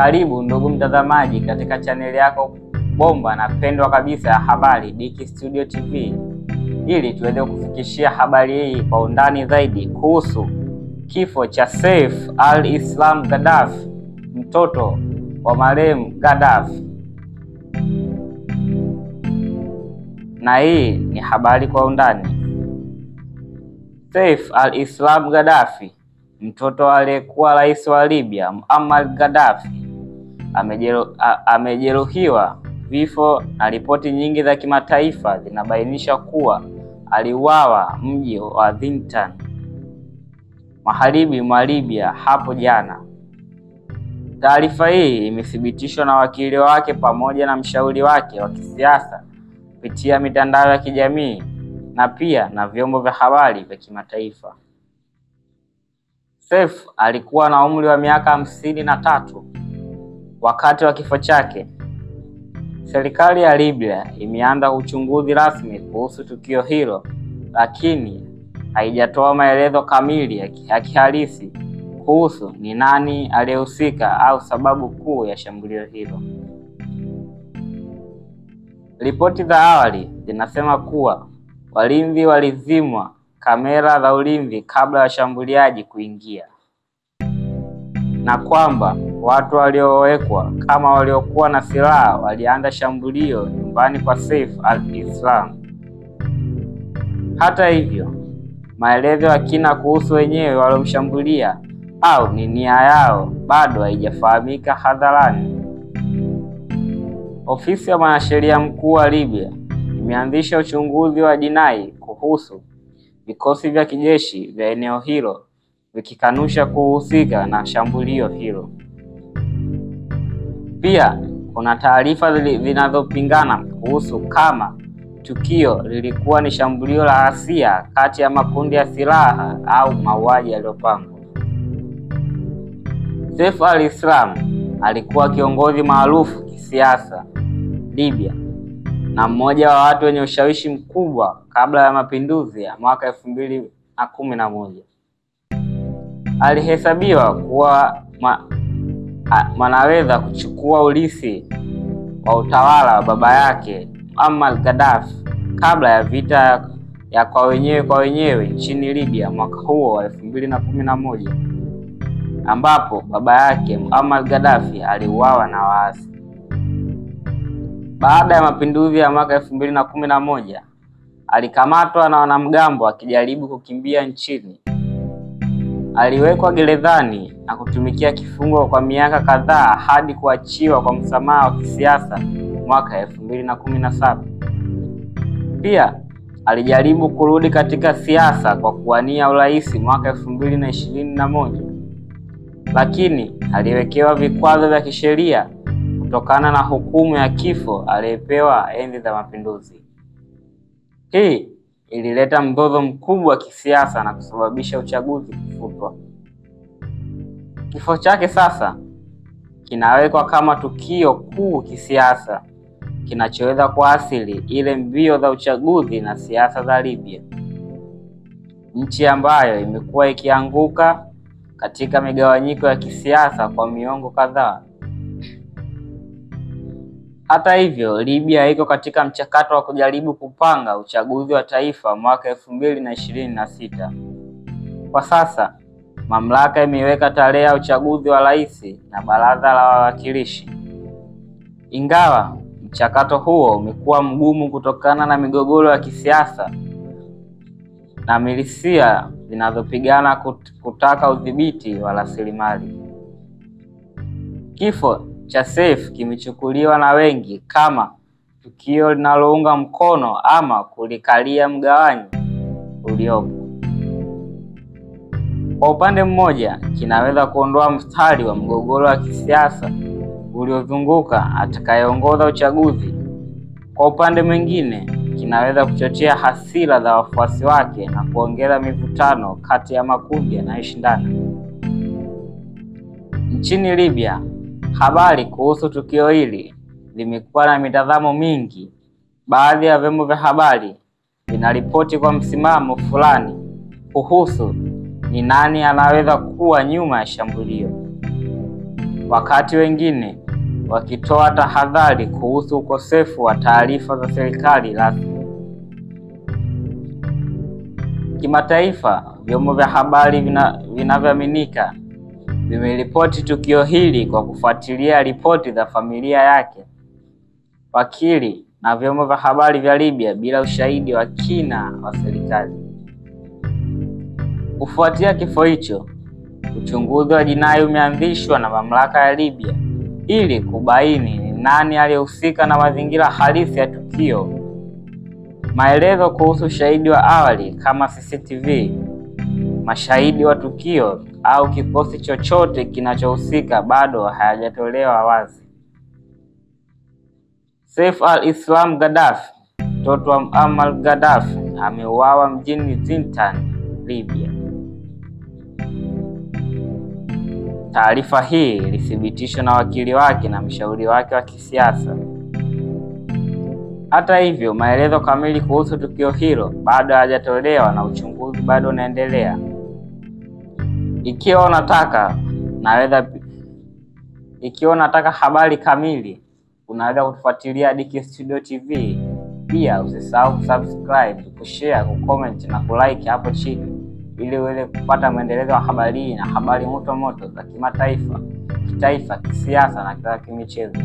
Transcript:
Karibu ndugu mtazamaji katika chaneli yako bomba na pendwa kabisa ya habari Dicky Studio TV, ili tuweze kufikishia habari hii kwa undani zaidi kuhusu kifo cha Saif al-Islam Gaddafi, mtoto wa marehemu Gaddafi. Na hii ni habari kwa undani. Saif al-Islam Gaddafi, mtoto aliyekuwa rais wa Libya Muammar Gaddafi amejeruhiwa. Vifo na ripoti nyingi za kimataifa zinabainisha kuwa aliuawa mji wa Dintan magharibi mwa Libya hapo jana. Taarifa hii imethibitishwa na wakili wake pamoja na mshauri wake wa kisiasa kupitia mitandao ya kijamii na pia na vyombo vya habari vya kimataifa. Seif alikuwa na umri wa miaka hamsini na tatu Wakati wa kifo chake, serikali ya Libya imeanza uchunguzi rasmi kuhusu tukio hilo, lakini haijatoa maelezo kamili ya kihalisi kuhusu ni nani aliyehusika au sababu kuu ya shambulio hilo. Ripoti za awali zinasema kuwa walinzi walizimwa kamera za ulinzi kabla ya washambuliaji kuingia na kwamba Watu waliowekwa kama waliokuwa na silaha walianza shambulio nyumbani kwa Saif al-Islam. Hata hivyo, maelezo ya kina kuhusu wenyewe waliomshambulia au ni nia yao bado haijafahamika hadharani. Ofisi ya mwanasheria mkuu wa Libya imeanzisha uchunguzi wa jinai kuhusu vikosi vya kijeshi vya eneo hilo vikikanusha kuhusika na shambulio hilo. Pia kuna taarifa zinazopingana kuhusu kama tukio lilikuwa ni shambulio la hasia kati ya makundi ya silaha au mauaji yaliyopangwa. Saif al-Islam alikuwa kiongozi maarufu kisiasa Libya na mmoja wa watu wenye ushawishi mkubwa kabla ya mapinduzi ya mwaka elfu mbili na kumi na moja. Alihesabiwa kuwa Ah, wanaweza kuchukua urithi wa utawala wa baba yake Muammar Gaddafi kabla ya vita ya kwa wenyewe kwa wenyewe nchini Libya mwaka huo wa 2011 ambapo baba yake Muammar Gaddafi aliuawa na waasi. Baada ya mapinduzi ya mwaka 2011 alikamatwa na wanamgambo akijaribu kukimbia nchini Aliwekwa gerezani na kutumikia kifungo kwa miaka kadhaa hadi kuachiwa kwa msamaha wa kisiasa mwaka 2017. Pia alijaribu kurudi katika siasa kwa kuwania urais mwaka 2021, lakini aliwekewa vikwazo vya kisheria kutokana na hukumu ya kifo aliyepewa enzi za mapinduzi. Hii ilileta mzozo mkubwa wa kisiasa na kusababisha uchaguzi kufutwa. Kifo chake sasa kinawekwa kama tukio kuu kisiasa kinachoweza kuathiri ile mbio za uchaguzi na siasa za Libya, nchi ambayo imekuwa ikianguka katika migawanyiko ya kisiasa kwa miongo kadhaa. Hata hivyo, Libya iko katika mchakato wa kujaribu kupanga uchaguzi wa taifa mwaka elfu mbili na ishirini na sita. Kwa sasa mamlaka imeweka tarehe ya uchaguzi wa rais na baraza la wawakilishi, ingawa mchakato huo umekuwa mgumu kutokana na migogoro ya kisiasa na milisia zinazopigana kutaka udhibiti wa rasilimali. Kifo cha Seif kimechukuliwa na wengi kama tukio linalounga mkono ama kulikalia mgawanyo uliopo. Kwa upande mmoja, kinaweza kuondoa mstari wa mgogoro wa kisiasa uliozunguka atakayeongoza uchaguzi. Kwa upande mwingine, kinaweza kuchochea hasira za wafuasi wake na kuongeza mivutano kati ya makundi yanayoshindana. Nchini Libya Habari kuhusu tukio hili limekuwa na mitazamo mingi. Baadhi ya vyombo vya habari vinaripoti kwa msimamo fulani kuhusu ni nani anaweza kuwa nyuma ya shambulio, wakati wengine wakitoa tahadhari kuhusu ukosefu wa taarifa za serikali rasmi. Kimataifa, vyombo vya habari vinavyoaminika vina vimeripoti tukio hili kwa kufuatilia ripoti za familia yake, wakili na vyombo vya habari vya Libya bila ushahidi wa kina wa serikali. Kufuatia kifo hicho, uchunguzi wa jinai umeanzishwa na mamlaka ya Libya ili kubaini ni nani aliyehusika na mazingira halisi ya tukio. Maelezo kuhusu ushahidi wa awali kama CCTV, mashahidi wa tukio au kikosi chochote kinachohusika bado hayajatolewa wazi. Saif al-Islam Gaddafi, mtoto wa Muammar Gaddafi, ameuawa mjini Zintan, Libya. Taarifa hii ilithibitishwa na wakili wake na mshauri wake wa kisiasa. Hata hivyo, maelezo kamili kuhusu tukio hilo bado hayajatolewa na uchunguzi bado unaendelea. Ikiwa unataka naweza, ikiwa unataka habari kamili unaweza kutufuatilia Dicky Studio TV. Pia usisahau kusubscribe, kushare, kucomment na kulike hapo chini ili uweze kupata maendeleo ya habari hii na habari moto moto za kimataifa, kitaifa, kisiasa na kimichezo.